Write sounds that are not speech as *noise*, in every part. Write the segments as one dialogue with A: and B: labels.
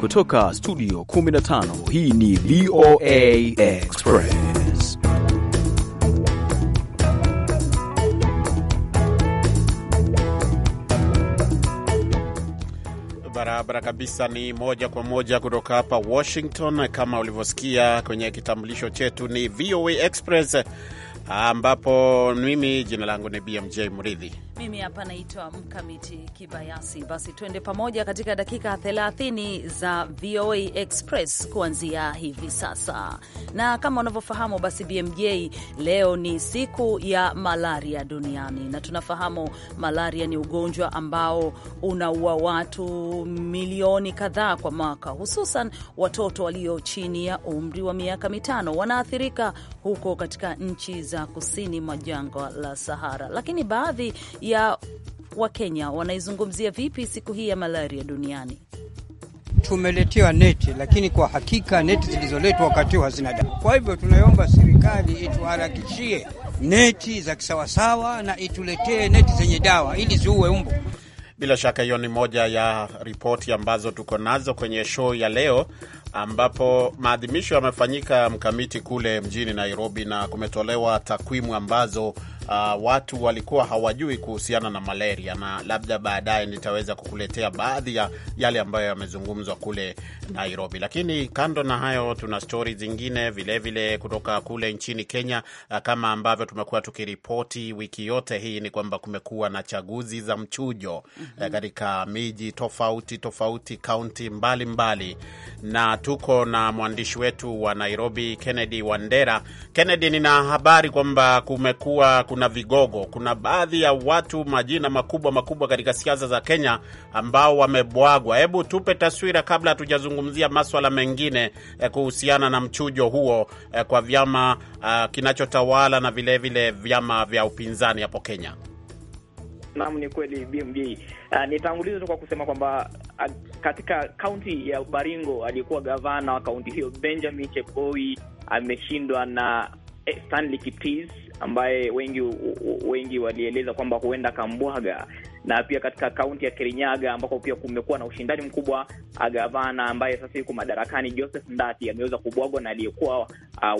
A: Kutoka studio 15 hii ni VOA Express.
B: Barabara kabisa, ni moja kwa moja kutoka hapa Washington. Kama ulivyosikia kwenye kitambulisho chetu, ni VOA Express ambapo mimi jina langu ni BMJ mridhi
C: mimi hapa naitwa Mkamiti Kibayasi. Basi twende pamoja katika dakika 30 za VOA Express kuanzia hivi sasa, na kama unavyofahamu basi, BMJ, leo ni siku ya malaria duniani, na tunafahamu malaria ni ugonjwa ambao unaua watu milioni kadhaa kwa mwaka, hususan watoto walio chini ya umri wa miaka mitano wanaathirika huko katika nchi za kusini mwa jangwa la Sahara, lakini baadhi ya Wakenya wanaizungumzia vipi siku hii ya malaria duniani?
D: Tumeletewa neti, lakini kwa hakika neti zilizoletwa wakati huu hazina dawa. Kwa hivyo tunaomba serikali ituharakishie neti za kisawasawa na ituletee neti zenye dawa ili ziue umbu.
B: Bila shaka hiyo ni moja ya ripoti ambazo tuko nazo kwenye show ya leo, ambapo maadhimisho yamefanyika mkamiti kule mjini Nairobi, na kumetolewa takwimu ambazo uh, watu walikuwa hawajui kuhusiana na malaria, na labda baadaye nitaweza kukuletea baadhi ya yale ambayo yamezungumzwa kule Nairobi. Lakini kando na hayo, tuna stori zingine vilevile kutoka kule nchini Kenya. Uh, kama ambavyo tumekuwa tukiripoti wiki yote hii ni kwamba kumekuwa na chaguzi za mchujo mm -hmm. uh, katika miji tofauti tofauti, kaunti mbalimbali, na tuko na mwandishi wetu wa Nairobi Kennedy Wandera. Kennedy, nina habari kwamba kumekuwa kuna kuna vigogo, kuna baadhi ya watu majina makubwa makubwa katika siasa za Kenya ambao wamebwagwa. Hebu tupe taswira kabla hatujazungumzia maswala mengine eh, kuhusiana na mchujo huo eh, kwa vyama uh, kinachotawala na vilevile vile vyama vya upinzani hapo Kenya.
E: Naam, ni kweli BMJ. Uh, ah, nitanguliza tu kwa kusema kwamba uh, katika kaunti ya Baringo aliyekuwa gavana wa kaunti hiyo Benjamin chepoi ameshindwa na eh, Stanley Kitis ambaye wengi wengi walieleza kwamba huenda akambwaga, na pia katika kaunti ya Kirinyaga ambako pia kumekuwa na ushindani mkubwa, gavana ambaye sasa yuko madarakani Joseph Ndati ameweza kubwagwa na aliyekuwa uh,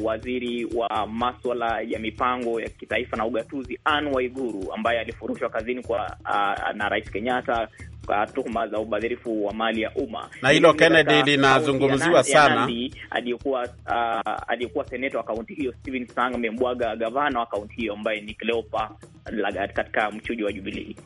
E: waziri wa maswala ya mipango ya kitaifa na ugatuzi Anne Waiguru ambaye alifurushwa kazini kwa uh, na Rais Kenyatta tuhuma za ubadhirifu wa mali ya umma.
B: Na hilo Kennedy linazungumziwa sana.
E: Aliyekuwa uh, seneta wa kaunti hiyo Steven Sang amembwaga gavana wa kaunti hiyo ambaye ni Cleopa katika mchujo wa jubilii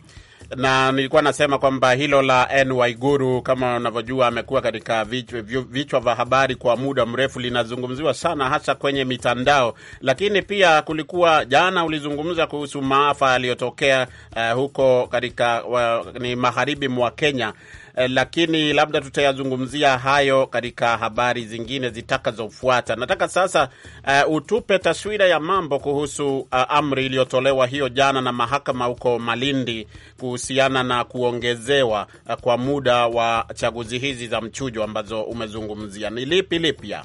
B: na nilikuwa nasema kwamba hilo la N Waiguru, kama unavyojua, amekuwa katika vichwa, vichwa vya habari kwa muda mrefu, linazungumziwa sana hasa kwenye mitandao. Lakini pia kulikuwa jana, ulizungumza kuhusu maafa yaliyotokea uh, huko katika uh, ni magharibi mwa Kenya eh, lakini labda tutayazungumzia hayo katika habari zingine zitakazofuata. Nataka sasa eh, utupe taswira ya mambo kuhusu eh, amri iliyotolewa hiyo jana na mahakama huko Malindi kuhusiana na kuongezewa eh, kwa muda wa chaguzi hizi za mchujo ambazo umezungumzia. Ni lipi lipya?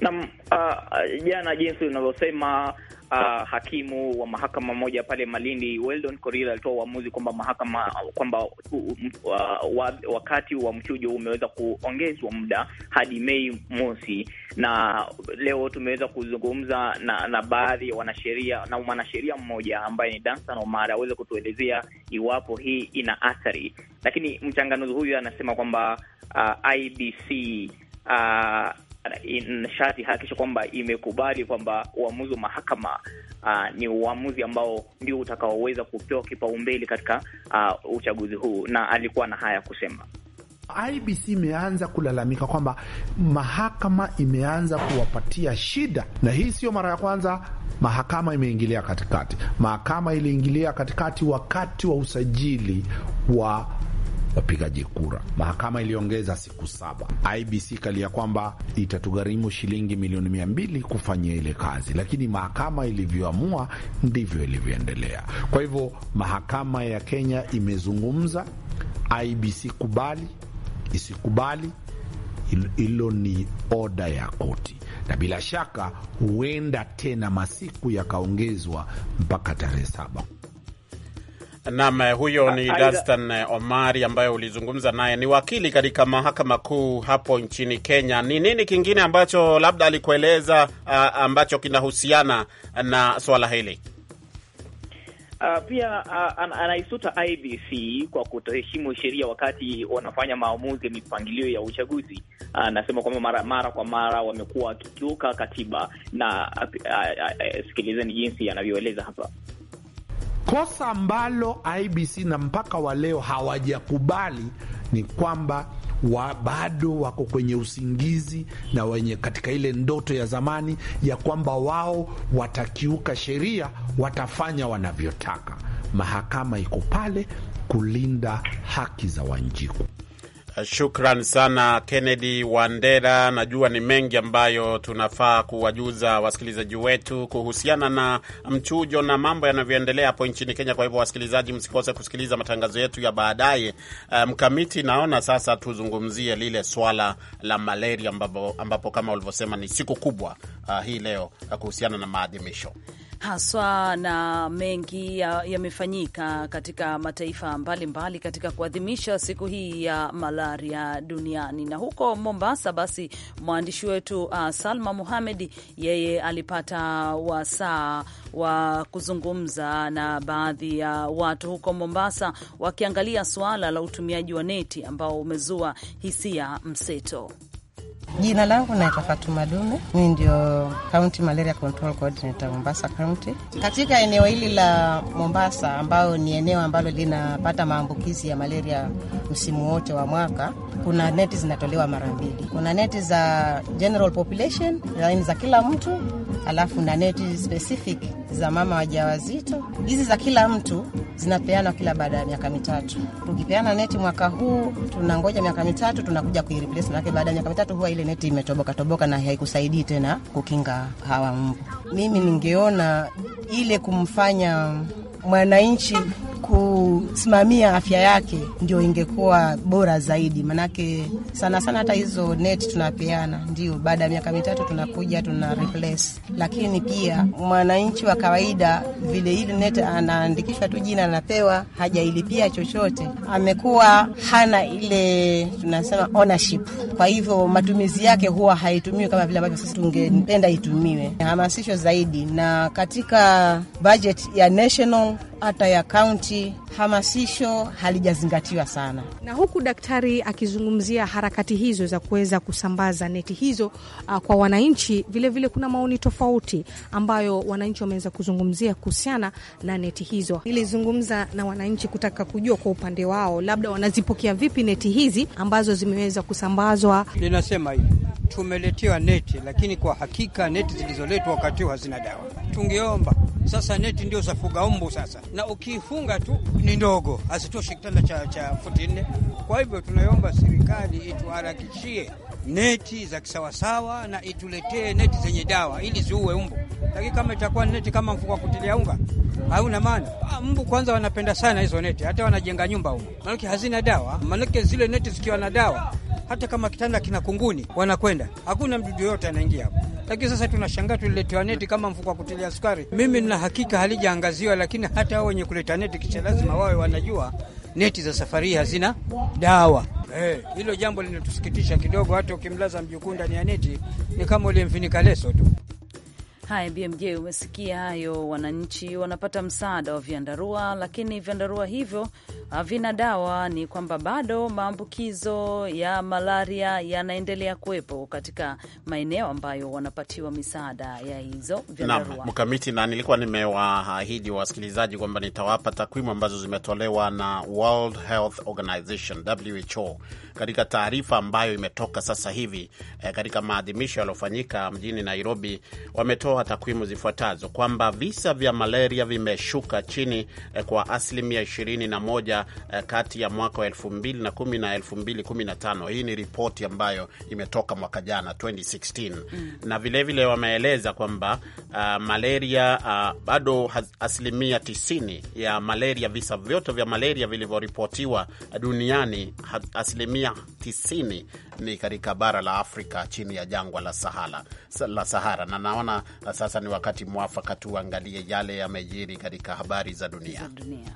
E: Naam, ah, jana uh, jinsi unavyosema uh, hakimu wa mahakama moja pale Malindi Weldon Korir alitoa uamuzi kwamba mahakama kwamba uh, wakati wa mchujo umeweza kuongezwa muda hadi Mei mosi, na leo tumeweza kuzungumza na, na baadhi ya wanasheria na mwanasheria mmoja ambaye ni Dansan Omar aweze kutuelezea iwapo hii ina athari, lakini mchanganuzi huyu anasema kwamba uh, ah, IBC uh, ah, nishati hakikisha kwamba imekubali kwamba uamuzi wa mahakama uh, ni uamuzi ambao ndio utakaoweza kupewa kipaumbele katika uh, uchaguzi huu, na alikuwa na haya kusema.
F: IBC imeanza kulalamika kwamba mahakama imeanza kuwapatia shida, na hii sio mara ya kwanza mahakama imeingilia katikati. Mahakama iliingilia katikati wakati wa usajili wa wapigaji kura. Mahakama iliongeza siku saba. IBC kalia kwamba itatugharimu shilingi milioni mia mbili kufanyia ile kazi, lakini mahakama ilivyoamua ndivyo ilivyoendelea. Kwa hivyo mahakama ya Kenya imezungumza, IBC kubali isikubali, hilo ni oda ya koti na bila shaka huenda tena masiku yakaongezwa mpaka tarehe saba.
B: Naam, eh, huyo ni Dastan eh, Omari ambaye ulizungumza naye, ni wakili katika mahakama kuu hapo nchini Kenya. Ni nini kingine ambacho labda alikueleza ambacho kinahusiana na swala hili?
E: Uh, pia uh, an, anaisuta IBC kwa kutoheshimu sheria wakati wanafanya maamuzi ya mipangilio ya uchaguzi. Anasema uh, kwamba mara, mara kwa mara wamekuwa wakikiuka katiba na uh, uh, uh, sikilizeni jinsi anavyoeleza hapa.
F: Kosa ambalo IBC na mpaka wa leo hawajakubali ni kwamba wa bado wako kwenye usingizi na wenye katika ile ndoto ya zamani ya kwamba wao watakiuka sheria, watafanya wanavyotaka. Mahakama iko pale kulinda haki za Wanjiku.
B: Shukran sana Kennedy Wandera, najua ni mengi ambayo tunafaa kuwajuza wasikilizaji wetu kuhusiana na mchujo na mambo yanavyoendelea hapo nchini Kenya. Kwa hivyo, wasikilizaji, msikose kusikiliza matangazo yetu ya baadaye. Eh, Mkamiti, um, naona sasa tuzungumzie lile swala la malaria ambapo, ambapo kama ulivyosema ni siku kubwa uh, hii leo eh, kuhusiana na maadhimisho
C: haswa na mengi yamefanyika ya katika mataifa mbalimbali mbali katika kuadhimisha siku hii ya malaria duniani. Na huko Mombasa, basi mwandishi wetu uh, Salma Muhamedi yeye alipata wasaa wa kuzungumza na baadhi ya watu huko Mombasa wakiangalia suala la utumiaji wa neti ambao umezua hisia mseto.
G: Jina langu naitwa Fatuma Dume, mimi ndio County Malaria Control Coordinator Mombasa County. Katika eneo hili la Mombasa, ambayo ni eneo ambalo linapata maambukizi ya malaria msimu wote wa mwaka, kuna neti zinatolewa mara mbili. Kuna neti za general population, yaani za kila mtu alafu na neti specific za mama wajawazito. Hizi za kila mtu zinapeanwa kila baada ya miaka mitatu. Tukipeana neti mwaka huu, tunangoja miaka mitatu, tunakuja kuireplace, manake baada ya miaka mitatu huwa ile neti imetoboka toboka na haikusaidii tena kukinga hawa mbu. Mimi ningeona ile kumfanya mwananchi kusimamia afya yake ndio ingekuwa bora zaidi, manake sana sana hata hizo net tunapeana, ndio baada ya miaka mitatu tunakuja tuna replace, lakini pia mwananchi wa kawaida vile ile net anaandikishwa tu jina, anapewa, hajailipia chochote, amekuwa hana ile tunasema ownership. Kwa hivyo matumizi yake huwa haitumiwi kama vile ambavyo sisi tungependa itumiwe, hamasisho zaidi na katika budget ya national hata ya kaunti, hamasisho halijazingatiwa sana. Na huku daktari akizungumzia harakati hizo za kuweza kusambaza neti hizo a, uh, kwa wananchi, vilevile kuna maoni tofauti ambayo wananchi wameweza kuzungumzia kuhusiana na neti hizo. Nilizungumza na wananchi kutaka kujua kwa upande wao, labda wanazipokea vipi neti hizi ambazo zimeweza kusambazwa.
D: Ninasema hivi, tumeletewa neti, lakini kwa hakika neti zilizoletwa wakati huu hazina dawa. Tungeomba sasa neti ndio zafuga umbu sasa, na ukiifunga tu ni ndogo, hazitoshi kitanda cha, cha futi nne. Kwa hivyo tunaomba serikali ituharakishie neti za kisawasawa na ituletee neti zenye dawa ili ziue umbu, lakini kama itakuwa neti kama mfuko wa kutilia unga hauna maana. Ah, mbu kwanza wanapenda sana hizo neti, hata wanajenga nyumba huko, maanake hazina dawa. Maanake zile neti zikiwa na dawa, hata kama kitanda kina kunguni wanakwenda, hakuna mdudu yoyote anaingia hapo lakini sasa tunashangaa tuliletewa neti kama mfuko wa kutilia sukari. Mimi nina hakika halijaangaziwa, lakini hata hao wenye kuleta neti kisha lazima wawe wanajua neti za safari hazina dawa. Eh. Hilo hey, jambo linatusikitisha kidogo. Hata ukimlaza mjukuu ndani ya neti ni kama ulimfinika leso tu.
C: Haya, BMJ, umesikia hayo. Wananchi wanapata msaada wa vyandarua, lakini vyandarua hivyo havina dawa. Ni kwamba bado maambukizo ya malaria yanaendelea kuwepo katika maeneo ambayo wanapatiwa misaada ya hizo vyandarua.
B: Mkamiti na nilikuwa nimewaahidi wasikilizaji kwamba nitawapa takwimu ambazo zimetolewa na World Health Organization, WHO katika taarifa ambayo imetoka sasa hivi eh, katika maadhimisho yaliyofanyika mjini Nairobi, wametoa takwimu zifuatazo kwamba visa vya malaria vimeshuka chini eh, kwa asilimia 21 eh, kati ya mwaka wa 2010 na 2015. Hii ni ripoti ambayo imetoka mwaka jana 2016. Mm. Na vilevile wameeleza kwamba uh, malaria uh, bado asilimia 90 ya malaria, visa vyote vya malaria vilivyoripotiwa duniani asilimia asilimia ni katika bara la Afrika chini ya jangwa la Sahara, la Sahara. Na naona sasa ni wakati mwafaka tuangalie yale yamejiri katika habari za dunia, za dunia.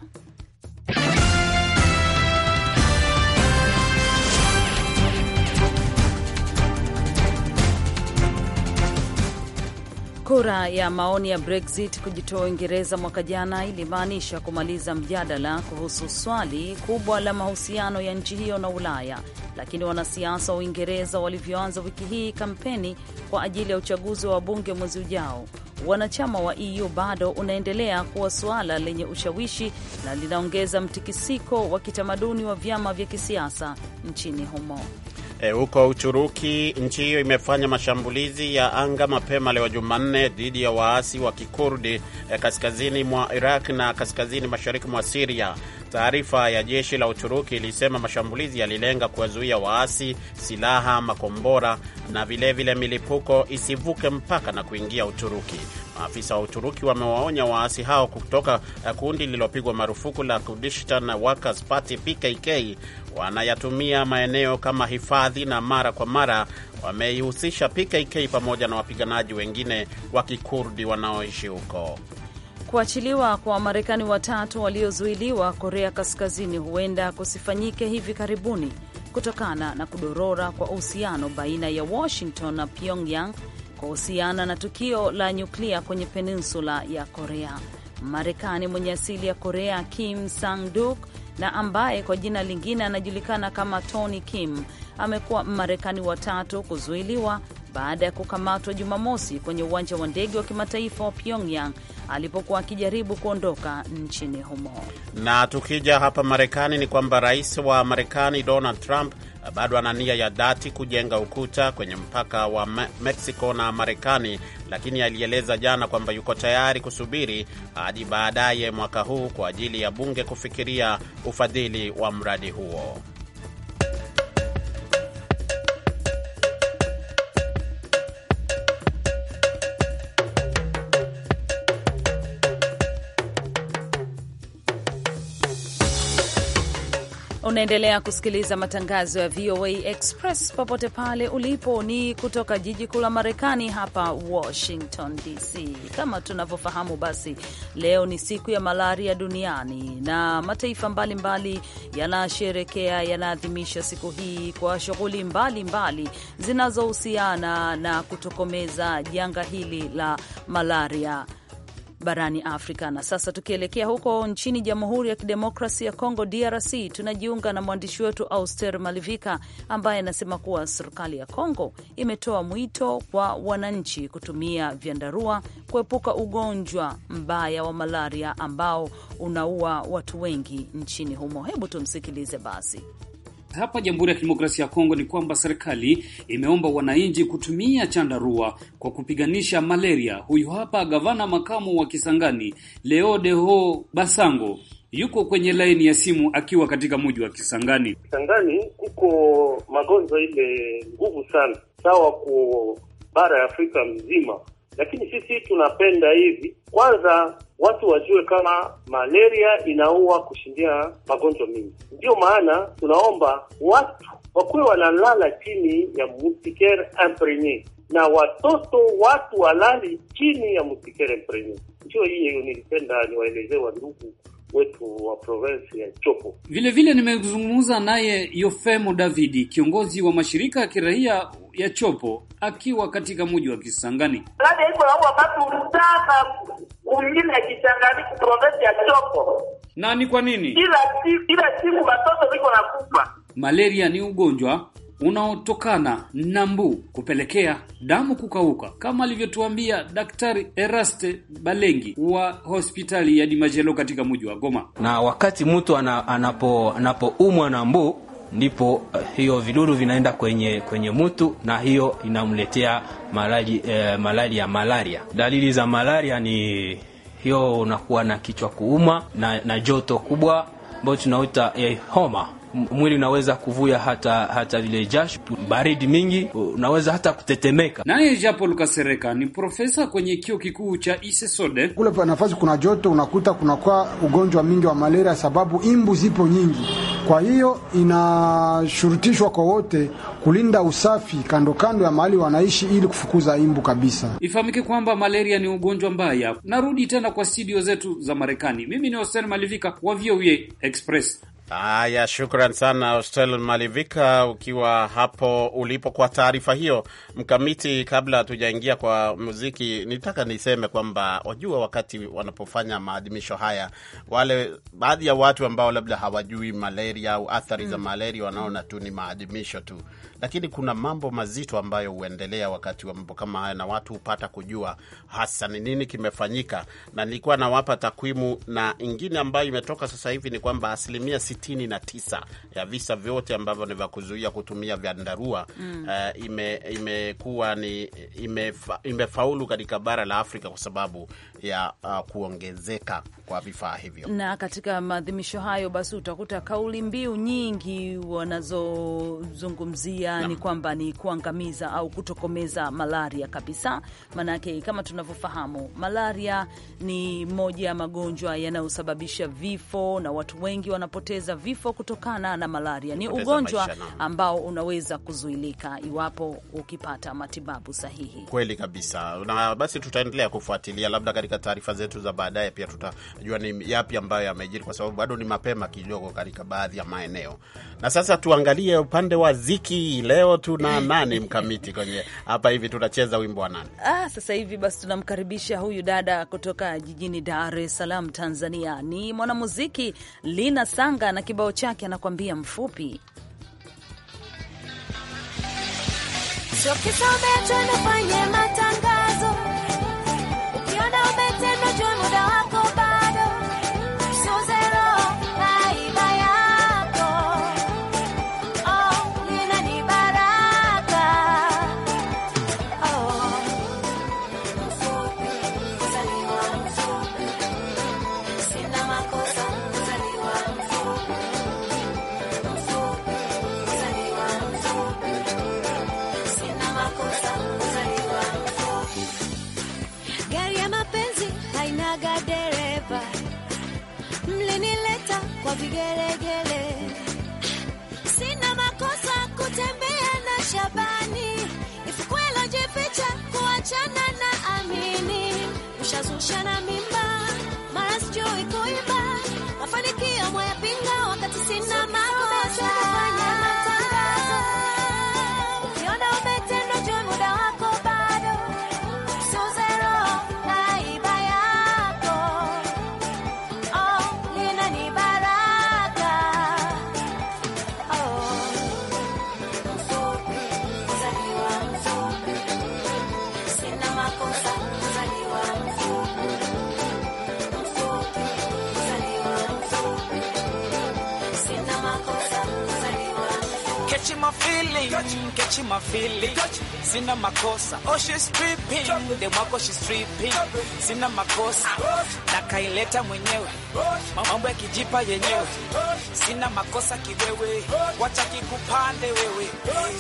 C: Kura ya maoni ya Brexit kujitoa Uingereza mwaka jana ilimaanisha kumaliza mjadala kuhusu swali kubwa la mahusiano ya nchi hiyo na Ulaya, lakini wanasiasa wa Uingereza walivyoanza wiki hii kampeni kwa ajili ya uchaguzi wa bunge mwezi ujao, wanachama wa EU bado unaendelea kuwa suala lenye ushawishi na linaongeza mtikisiko wa kitamaduni wa vyama vya kisiasa nchini humo.
B: E, huko Uturuki. Nchi hiyo imefanya mashambulizi ya anga mapema leo Jumanne dhidi ya waasi wa Kikurdi e, kaskazini mwa Iraq na kaskazini mashariki mwa Siria. Taarifa ya jeshi la Uturuki ilisema mashambulizi yalilenga kuwazuia waasi, silaha, makombora na vilevile vile milipuko isivuke mpaka na kuingia Uturuki. Maafisa wa Uturuki wamewaonya waasi hao kutoka e, kundi lililopigwa marufuku la Kurdistan Workers Party PKK wanayatumia maeneo kama hifadhi na mara kwa mara wameihusisha PKK pamoja na wapiganaji wengine wa Kikurdi wanaoishi huko.
C: Kuachiliwa kwa Wamarekani watatu waliozuiliwa Korea Kaskazini huenda kusifanyike hivi karibuni kutokana na kudorora kwa uhusiano baina ya Washington na Pyongyang kuhusiana na tukio la nyuklia kwenye peninsula ya Korea. Marekani mwenye asili ya Korea Kim Sang-duk na ambaye kwa jina lingine anajulikana kama Tony Kim amekuwa Mmarekani watatu kuzuiliwa baada ya kukamatwa Jumamosi kwenye uwanja wa ndege wa kimataifa wa Pyongyang alipokuwa akijaribu kuondoka nchini humo.
B: Na tukija hapa Marekani ni kwamba rais wa Marekani Donald Trump bado ana nia ya dhati kujenga ukuta kwenye mpaka wa Mexico na Marekani, lakini alieleza jana kwamba yuko tayari kusubiri hadi baadaye mwaka huu kwa ajili ya bunge kufikiria ufadhili wa mradi huo.
C: Unaendelea kusikiliza matangazo ya VOA Express popote pale ulipo, ni kutoka jiji kuu la Marekani hapa Washington DC. Kama tunavyofahamu, basi leo ni siku ya malaria duniani na mataifa mbalimbali yanasherekea, yanaadhimisha siku hii kwa shughuli mbalimbali zinazohusiana na kutokomeza janga hili la malaria barani Afrika. Na sasa tukielekea huko nchini Jamhuri ya Kidemokrasi ya Kongo, DRC, tunajiunga na mwandishi wetu Auster Malivika ambaye anasema kuwa serikali ya congo imetoa mwito kwa wananchi kutumia vyandarua kuepuka ugonjwa mbaya wa malaria ambao unaua watu wengi nchini humo. Hebu tumsikilize basi
H: hapa Jamhuri ya Kidemokrasia ya Kongo ni kwamba serikali imeomba wananchi kutumia chandarua kwa kupiganisha malaria. Huyu hapa gavana makamu wa Kisangani leo deho Basango yuko kwenye laini ya simu akiwa katika mji wa Kisangani.
I: Kisangani kuko magonjwa ile nguvu sana sawa ku bara ya Afrika mzima lakini sisi tunapenda hivi kwanza watu wajue kama malaria inaua kushindia magonjwa mengi. Ndiyo maana tunaomba watu wakuwe wanalala chini ya mustiker impregne na watoto watu walali chini ya mustiker impregne. Ndiyo hiyo nilipenda niwaelezee wandugu ndugu wetu wa provinsi ya Chopo.
H: Vile vile nimezungumza naye Yofemo Davidi, kiongozi wa mashirika ya kiraia ya Chopo, akiwa katika mji wa Kisangani.
F: labda iko au batu mtaka mwingine Kisangani ku provinsi ya Chopo.
H: Na ni kwa nini
F: kila siku watoto wiko na kufa.
H: Malaria ni ugonjwa unaotokana na mbu kupelekea damu kukauka, kama alivyotuambia Daktari Eraste Balengi wa hospitali ya Dimajelo katika mji wa Goma. Na wakati mtu anapoumwa na mbu ndipo uh, hiyo vidudu vinaenda kwenye kwenye mtu na hiyo inamletea malali, eh, malali ya malaria. Dalili za malaria ni hiyo, unakuwa na kichwa kuuma na, na joto kubwa ambayo tunauta eh, homa mwili unaweza kuvuya hata hata vile jasho, baridi mingi, unaweza hata kutetemeka. Naye Jean Paul Kasereka ni profesa kwenye kio kikuu cha Isesode.
B: Kule pa nafasi kuna joto, unakuta kunakuwa ugonjwa mingi wa malaria, sababu imbu zipo nyingi. Kwa hiyo inashurutishwa kwa wote kulinda usafi kando kando ya mahali wanaishi ili kufukuza imbu kabisa.
H: Ifahamike kwamba malaria ni ugonjwa mbaya. Narudi
B: tena kwa studio zetu za Marekani. Mimi ni Hossein Malivika wa VOA Express. Haya, shukran sana Hostel Malivika ukiwa hapo ulipo kwa taarifa hiyo. Mkamiti, kabla hatujaingia kwa muziki, nitaka niseme kwamba wajua, wakati wanapofanya maadhimisho haya, wale baadhi ya watu ambao labda hawajui malaria au athari mm. za malaria wanaona tu ni maadhimisho tu lakini kuna mambo mazito ambayo huendelea wakati wa mambo kama haya, na watu hupata kujua hasa ni nini kimefanyika, na nilikuwa nawapa takwimu. Na ingine ambayo imetoka sasa hivi ni kwamba asilimia sitini na tisa ya visa vyote ambavyo ni vya kuzuia kutumia vyandarua mm. uh, ime, ni imefa, imefaulu katika bara la Afrika kwa sababu ya uh, kuongezeka kwa vifaa hivyo,
C: na katika maadhimisho hayo basi utakuta kauli mbiu nyingi wanazozungumzia na, ni kwamba ni kuangamiza au kutokomeza malaria kabisa. Maanake kama tunavyofahamu, malaria ni moja ya magonjwa yanayosababisha vifo na watu wengi wanapoteza vifo kutokana na malaria. Ni ugonjwa ambao unaweza kuzuilika iwapo ukipata matibabu sahihi.
B: Kweli kabisa, na basi tutaendelea kufuatilia, labda katika taarifa zetu za baadaye pia tutajua ni yapi ambayo yamejiri, kwa sababu bado ni mapema kidogo katika baadhi ya maeneo. Na sasa tuangalie upande wa ziki leo tuna nani mkamiti kwenye hapa hivi, tunacheza wimbo wa nani?
C: Ah, sasa hivi basi tunamkaribisha huyu dada kutoka jijini Dar es Salaam, Tanzania. Ni mwanamuziki Lina Sanga na kibao chake anakuambia mfupi sio
J: matangazo ukiona umetendwa Catching my feeling,
D: catching my feeling. Sina makosa. Oh, she's tripping. The wako she's tripping. Sina makosa. Na kaileta mwenyewe. Mambo ya kijipa yenyewe. Sina makosa kiwewe. Wacha kikupande wewe.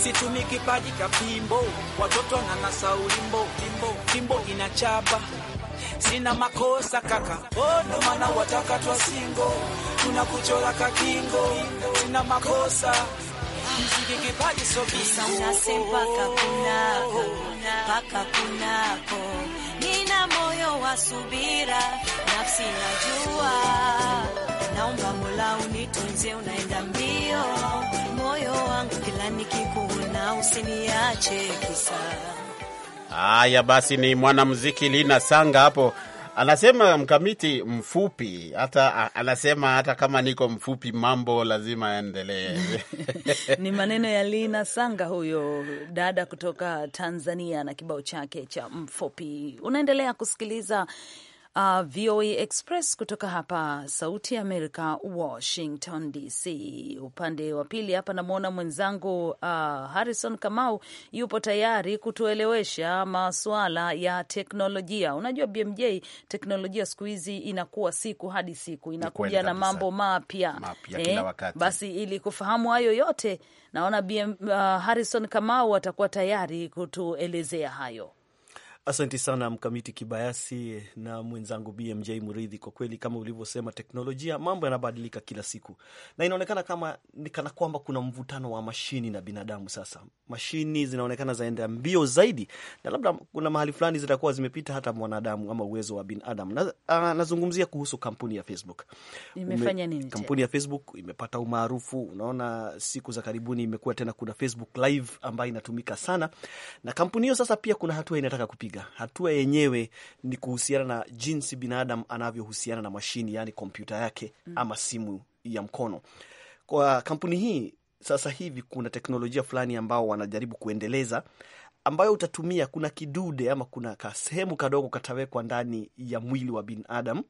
D: Situmi kipaji kapimbo. Watoto na nasa ulimbo. Kimbo, kimbo inachapa. Sina makosa
J: kaka. Oh, ndo maana wataka twa singo. Tunakuchora kakingo. Sina makosa mpaka kunako, nina moyo wa subira, nafsi najua, naomba Mola unitunze, unaenda mbio, moyo wangu kila nikikuona, usiniache kisa.
B: Haya basi, ni mwanamuziki Lina Sanga hapo Anasema mkamiti mfupi, hata anasema hata kama niko mfupi mambo lazima yaendelee. *laughs* Ni
C: maneno ya Lina Sanga, huyo dada kutoka Tanzania na kibao chake cha mfupi. Unaendelea kusikiliza uh, ah, VOA Express kutoka hapa Sauti ya Amerika, Washington DC. Upande wa pili hapa namwona mwenzangu uh, Harrison Kamau yupo tayari kutuelewesha masuala ya teknolojia. Unajua BMJ, teknolojia siku hizi inakuwa siku hadi siku inakuja na mambo mapya eh, basi ili kufahamu hayo yote naona BM, uh, ah, Harrison Kamau atakuwa tayari kutuelezea hayo.
A: Asanti sana Mkamiti Kibayasi na mwenzangu BMJ Muridhi. Kwa kweli kama ulivyosema, teknolojia, mambo yanabadilika kila siku, na inaonekana kama ni kana kwamba kuna mvutano wa mashini na binadamu. Sasa mashini zinaonekana zaenda mbio zaidi, na labda kuna mahali fulani zitakuwa zimepita hata mwanadamu ama uwezo wa binadamu. Na, a, nazungumzia kuhusu kampuni ya Facebook.
H: Imefanya nini? Kampuni ya
A: Facebook imepata umaarufu. Unaona, siku za karibuni imekuwa tena kuna Facebook Live ambayo inatumika sana na kampuni hiyo. Sasa pia kuna hatua inataka kupiga kupiga. Hatua yenyewe ni kuhusiana na jinsi binadamu anavyohusiana na mashini, yani kompyuta yake mm. ama simu ya mkono. Kwa kampuni hii sasa hivi kuna teknolojia fulani ambao wanajaribu kuendeleza ambayo utatumia, kuna kidude ama kuna kasehemu kadogo katawekwa ndani ya mwili wa binadamu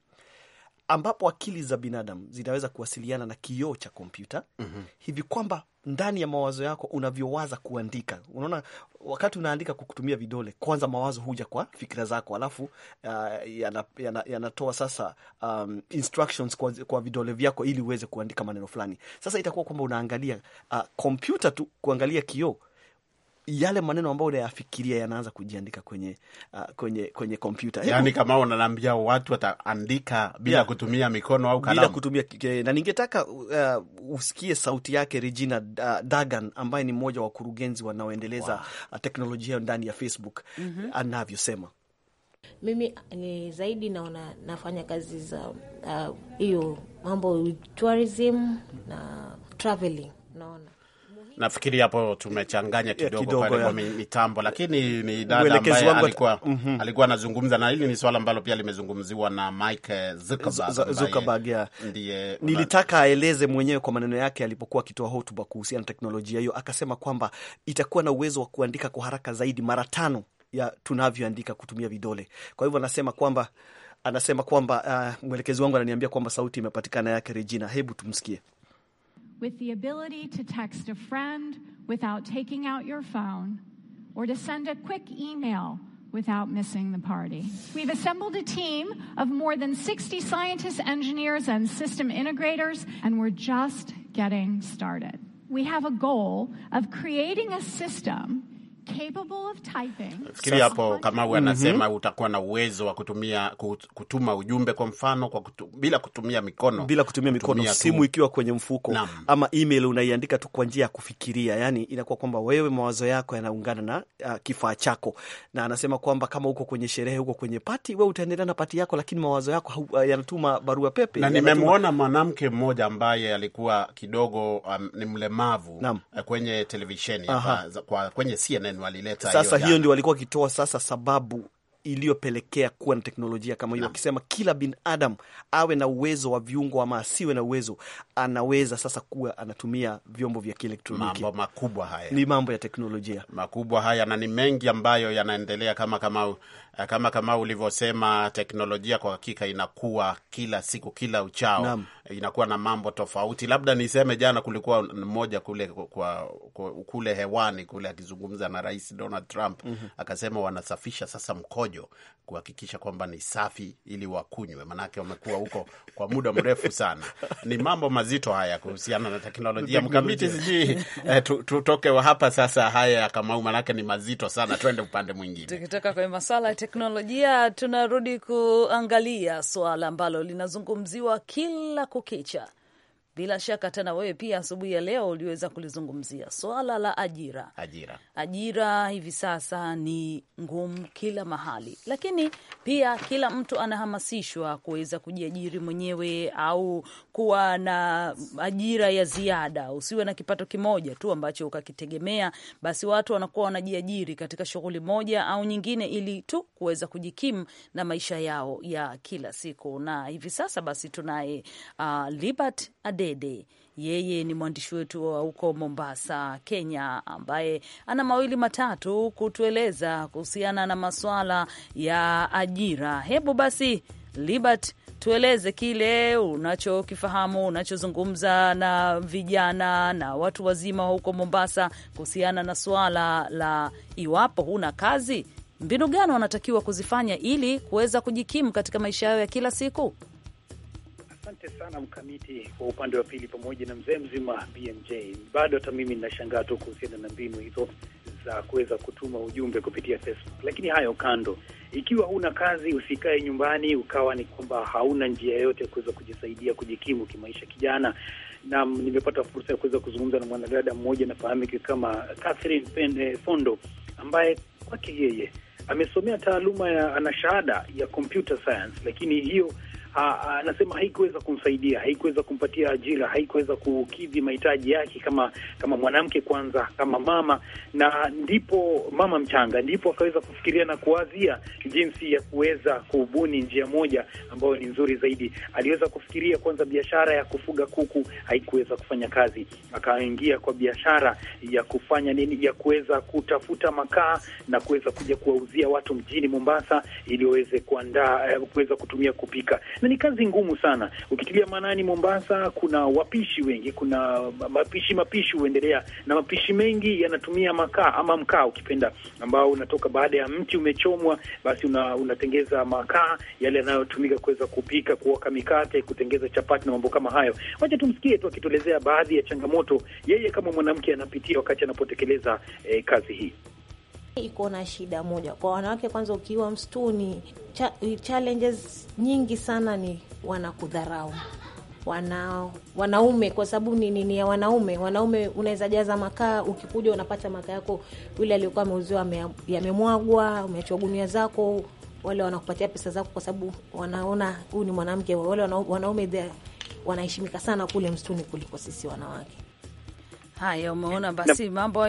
A: ambapo akili za binadamu zinaweza kuwasiliana na kioo cha kompyuta mm -hmm. hivi kwamba ndani ya mawazo yako unavyowaza kuandika. Unaona, wakati unaandika kwa kutumia vidole, kwanza mawazo huja kwa fikira zako, alafu uh, yanatoa yana, yana sasa um, instructions kwa, kwa vidole vyako ili uweze kuandika maneno fulani. Sasa itakuwa kwamba unaangalia uh, kompyuta uh, tu kuangalia kioo yale maneno ambayo unayafikiria yanaanza kujiandika kwenye uh, kwenye kwenye kompyuta. Yani kama unaniambia watu
B: wataandika bila yeah, kutumia mikono au kalamu, bila
A: kutumia eh, na ningetaka uh, usikie sauti yake Regina uh, Dagan ambaye ni mmoja wa wakurugenzi wanaoendeleza wow, uh, teknolojia ndani ya Facebook mm -hmm, anavyosema
K: mimi ni zaidi naona nafanya kazi za uh, hiyo uh, mambo tourism na traveling naona
B: Nafikiri hapo tumechanganya kidogo, kidogo mitambo, lakini ni dada ambaye alikuwa mm -hmm. alikuwa anazungumza na hili ni swala ambalo pia limezungumziwa na Mike Zuckerberg,
A: Ndiye nilitaka
B: aeleze mwenyewe kwa maneno yake
A: alipokuwa akitoa hotuba kuhusiana na teknolojia hiyo, akasema kwamba itakuwa na uwezo wa kuandika kwa haraka zaidi mara tano ya tunavyoandika kutumia vidole. Kwa hivyo anasema kwamba anasema kwamba uh, mwelekezi wangu ananiambia kwamba sauti imepatikana yake Regina, hebu tumsikie.
E: with the ability to text a friend without taking out your phone or to send a quick email without missing the party. We've assembled a team of more than 60 scientists, engineers, and system integrators, and we're just getting started. We have a goal of creating a system capable Fikiri hapo
B: Kamau anasema mm -hmm. Utakuwa na uwezo wa kutumia kutuma ujumbe kwa mfano kwa kutu, bila kutumia mikono bila kutumia mikono kutumia simu tu, ikiwa kwenye mfuko na, ama
A: email unaiandika tu kwa njia ya kufikiria, yani inakuwa kwamba wewe mawazo yako yanaungana na uh, kifaa chako, na anasema kwamba kama uko kwenye sherehe huko kwenye pati, wewe utaendelea na pati yako, lakini mawazo yako uh, yanatuma barua pepe. Na nimemwona
B: mwanamke mmoja ambaye alikuwa kidogo um, ni mlemavu uh, kwenye televisheni kwa kwenye CNN walileta sasa hiyo, hiyo ndio
A: walikuwa wakitoa sasa sababu iliyopelekea kuwa na teknolojia kama hiyo, wakisema kila binadamu awe na uwezo wa viungo ama asiwe na uwezo, anaweza sasa kuwa
B: anatumia vyombo vya kielektroniki. Mambo makubwa haya, ni mambo ya teknolojia makubwa haya, na ni mengi ambayo yanaendelea kama kama Eh, kama kama ulivyosema, teknolojia kwa hakika inakuwa kila siku, kila uchao Nam. inakuwa na mambo tofauti. Labda niseme jana kulikuwa mmoja kule kwa, kwa, kule hewani kule akizungumza na Rais Donald Trump mm -hmm. akasema wanasafisha sasa mkojo kuhakikisha kwamba ni safi ili wakunywe, maanake wamekuwa huko kwa muda mrefu sana. Ni mambo mazito haya kuhusiana na teknolojia mkambiti, sijui eh, tutoke hapa sasa haya ya Kamau, maanake ni mazito sana, twende upande mwingine
C: tukitoka kwenye maswala teknolojia, tunarudi kuangalia suala ambalo linazungumziwa kila kukicha bila shaka tena wewe pia asubuhi ya leo uliweza kulizungumzia swala la ajira. Ajira, ajira hivi sasa ni ngumu kila mahali, lakini pia kila mtu anahamasishwa kuweza kujiajiri mwenyewe au kuwa na ajira ya ziada. Usiwe na kipato kimoja tu ambacho ukakitegemea, basi watu wanakuwa wanajiajiri katika shughuli moja au nyingine, ili tu kuweza kujikimu na maisha yao ya kila siku. Na hivi sasa basi tunaye uh, Libert Adede. Yeye ni mwandishi wetu wa huko Mombasa, Kenya, ambaye ana mawili matatu kutueleza kuhusiana na masuala ya ajira. Hebu basi, Libert, tueleze kile unachokifahamu, unachozungumza na vijana na watu wazima huko Mombasa kuhusiana na suala la iwapo huna kazi, mbinu gani wanatakiwa kuzifanya ili kuweza kujikimu katika maisha yao ya kila siku.
I: Asante sana Mkamiti kwa upande wa pili, pamoja na mzee mzima BMJ. Bado hata mimi ninashangaa tu kuhusiana na mbinu hizo za kuweza kutuma ujumbe kupitia Facebook. Lakini hayo kando, ikiwa huna kazi, usikae nyumbani ukawa ni kwamba hauna njia yoyote ya kuweza kujisaidia kujikimu kimaisha, kijana. Na nimepata fursa ya kuweza kuzungumza na mwanadada mmoja anafahamika kama Catherine Pende Fondo ambaye kwake yeye amesomea taaluma ya ana shahada ya computer science, lakini hiyo anasema haikuweza kumsaidia, haikuweza kumpatia ajira, haikuweza kukidhi mahitaji yake kama kama mwanamke kwanza, kama mama, na ndipo mama mchanga, ndipo akaweza kufikiria na kuwazia jinsi ya kuweza kubuni njia moja ambayo ni nzuri zaidi. Aliweza kufikiria kwanza biashara ya kufuga kuku, haikuweza kufanya kazi, akaingia kwa biashara ya kufanya nini, ya kuweza kutafuta makaa na kuweza kuja kuwauzia watu mjini Mombasa, ili waweze kuandaa eh, kuweza kutumia kupika na ni kazi ngumu sana, ukitilia maanani Mombasa kuna wapishi wengi, kuna mapishi mapishi huendelea na mapishi mengi yanatumia makaa ama mkaa ukipenda, ambao unatoka baada ya mti umechomwa, basi una, unatengeza makaa yale yanayotumika kuweza kupika, kuoka mikate, kutengeza chapati na mambo kama hayo. Wacha tumsikie tu akituelezea baadhi ya changamoto yeye kama mwanamke anapitia wakati anapotekeleza eh, kazi hii
K: iko na shida moja kwa wanawake. Kwanza ukiwa msituni, challenges nyingi sana ni wanakudharau wana wanaume kwa sababu ni nini ya wanaume. Wanaume unaweza jaza makaa, ukikuja unapata makaa yako yule aliyokuwa ameuziwa yamemwagwa, umeachwa gunia zako, wale wanakupatia pesa zako kwa sababu wanaona huyu ni mwanamke. Wale wanaume wanaheshimika sana kule msituni kuliko sisi wanawake.
C: Haya, umeona basi mambo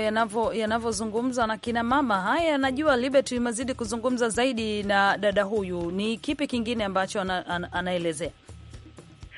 C: yanavyozungumzwa na kina mama. Haya, najua Libet imezidi kuzungumza zaidi na dada huyu. Ni kipi kingine ambacho anaelezea?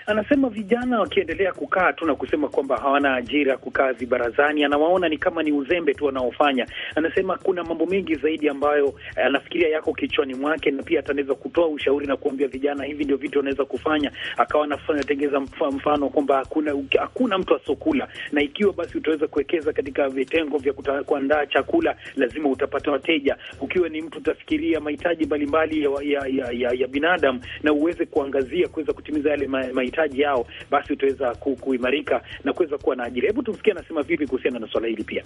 I: Anasema vijana wakiendelea kukaa tu na kusema kwamba hawana ajira, kukaa vibarazani, anawaona ni kama ni uzembe tu wanaofanya. Anasema kuna mambo mengi zaidi ambayo eh, anafikiria yako kichwani mwake, na pia ataweza kutoa ushauri na kuambia vijana hivi ndio vitu wanaweza kufanya. Akawa anatengeza mfano kwamba hakuna, hakuna mtu asokula, na ikiwa basi utaweza kuwekeza katika vitengo vya kuandaa chakula, lazima utapata wateja. Ukiwa ni mtu utafikiria mahitaji mbalimbali ya, ya, ya, ya, ya binadamu na uweze kuangazia kuweza kutimiza yale mahitaji mahitaji yao, basi utaweza kuimarika na kuweza kuwa na ajira. Hebu tumsikie anasema vipi kuhusiana na swala hili pia.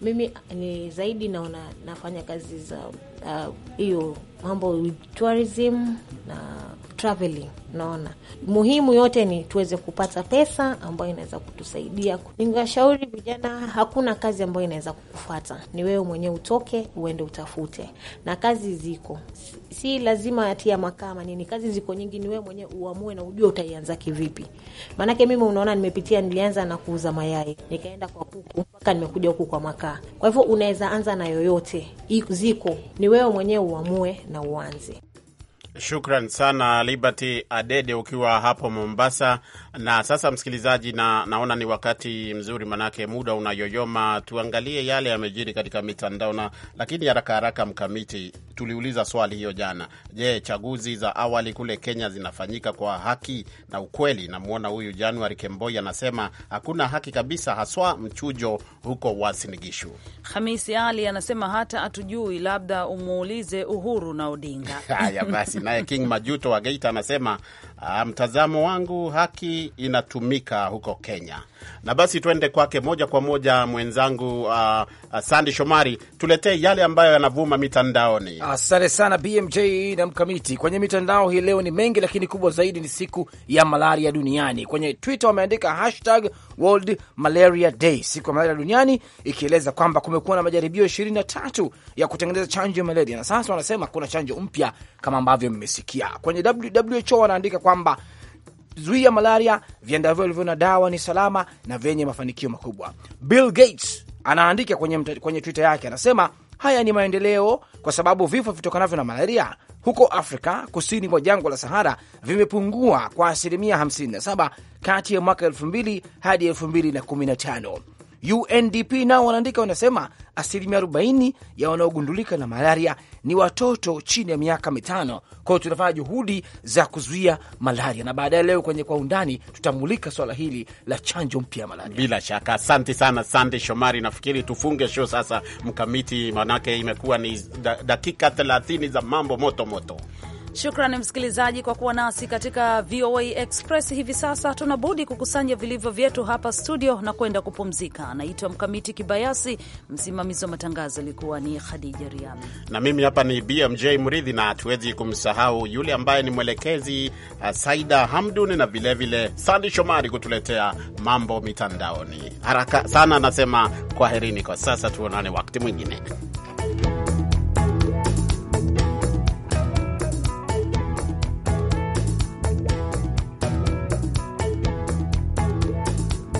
K: Mimi ni zaidi naona nafanya kazi za uh, hiyo uh, mambo tourism na traveling. Naona muhimu yote ni tuweze kupata pesa ambayo inaweza kutusaidia. Ningashauri vijana, hakuna kazi ambayo inaweza kukufata, ni wewe mwenyewe utoke uende utafute, na kazi ziko, si lazima ati ya makama nini, kazi ziko nyingi, ni wewe mwenyewe uamue na ujue utaianza kivipi. Maanake mimi, unaona, nimepitia, nilianza na kuuza mayai, nikaenda kwa kuku, mpaka nimekuja huku kwa makaa. Kwa hivyo unaweza anza na yoyote, ziko, ni wewe mwenyewe uamue na uanze
B: Shukran sana Liberty Adede ukiwa hapo Mombasa. Na sasa msikilizaji, na naona ni wakati mzuri, manake muda unayoyoma, tuangalie yale yamejiri katika mitandao na lakini haraka haraka, Mkamiti, tuliuliza swali hiyo jana. Je, chaguzi za awali kule Kenya zinafanyika kwa haki na ukweli? Namwona huyu Januari Kemboi anasema hakuna haki kabisa, haswa mchujo huko Wasinigishu.
C: Hamisi Ali anasema hata hatujui, labda umuulize Uhuru na Odinga.
B: *laughs* Haya basi Naye King Majuto wa Geita anasema Ah, mtazamo wangu, haki inatumika huko Kenya. Na basi tuende kwake moja kwa moja mwenzangu uh, ah, uh, ah, Sandi Shomari, tuletee yale ambayo yanavuma mitandaoni. Asante sana BMJ na Mkamiti. Kwenye mitandao hii
I: leo ni mengi, lakini kubwa zaidi ni siku ya malaria duniani. Kwenye Twitter wameandika hashtag World Malaria Day, siku ya malaria duniani, ikieleza kwamba kumekuwa na majaribio ishirini na tatu ya kutengeneza chanjo ya malaria, na sasa wanasema kuna chanjo mpya kama ambavyo mmesikia. Kwenye WHO wanaandika kwa kwamba zuia malaria, viandarua vilivyo na dawa ni salama na vyenye mafanikio makubwa. Bill Gates anaandika kwenye, kwenye Twitter yake anasema haya ni maendeleo kwa sababu vifo vitokanavyo na malaria huko Afrika kusini mwa jangwa la Sahara vimepungua kwa asilimia 57 kati ya mwaka 2000 hadi 2015. UNDP nao wanaandika wanasema, asilimia 40 ya wanaogundulika na malaria ni watoto chini ya miaka mitano. Kwa hiyo tunafanya juhudi za kuzuia malaria, na baadaye leo kwenye kwa undani tutamulika swala hili la chanjo
B: mpya ya malaria. Bila shaka, asante sana Sande Shomari. Nafikiri tufunge show sasa, Mkamiti, manake imekuwa ni dakika 30 za mambo moto moto.
C: Shukrani msikilizaji kwa kuwa nasi katika VOA Express. Hivi sasa tunabudi kukusanya vilivyo vyetu hapa studio na kwenda kupumzika. Anaitwa Mkamiti Kibayasi, msimamizi wa matangazo alikuwa ni Khadija Riami
B: na mimi hapa ni BMJ Mridhi, na hatuwezi kumsahau yule ambaye ni mwelekezi uh, Saida Hamdun na vilevile Sandi Shomari kutuletea mambo mitandaoni. Haraka sana anasema kwaherini kwa sasa, tuonane wakati mwingine.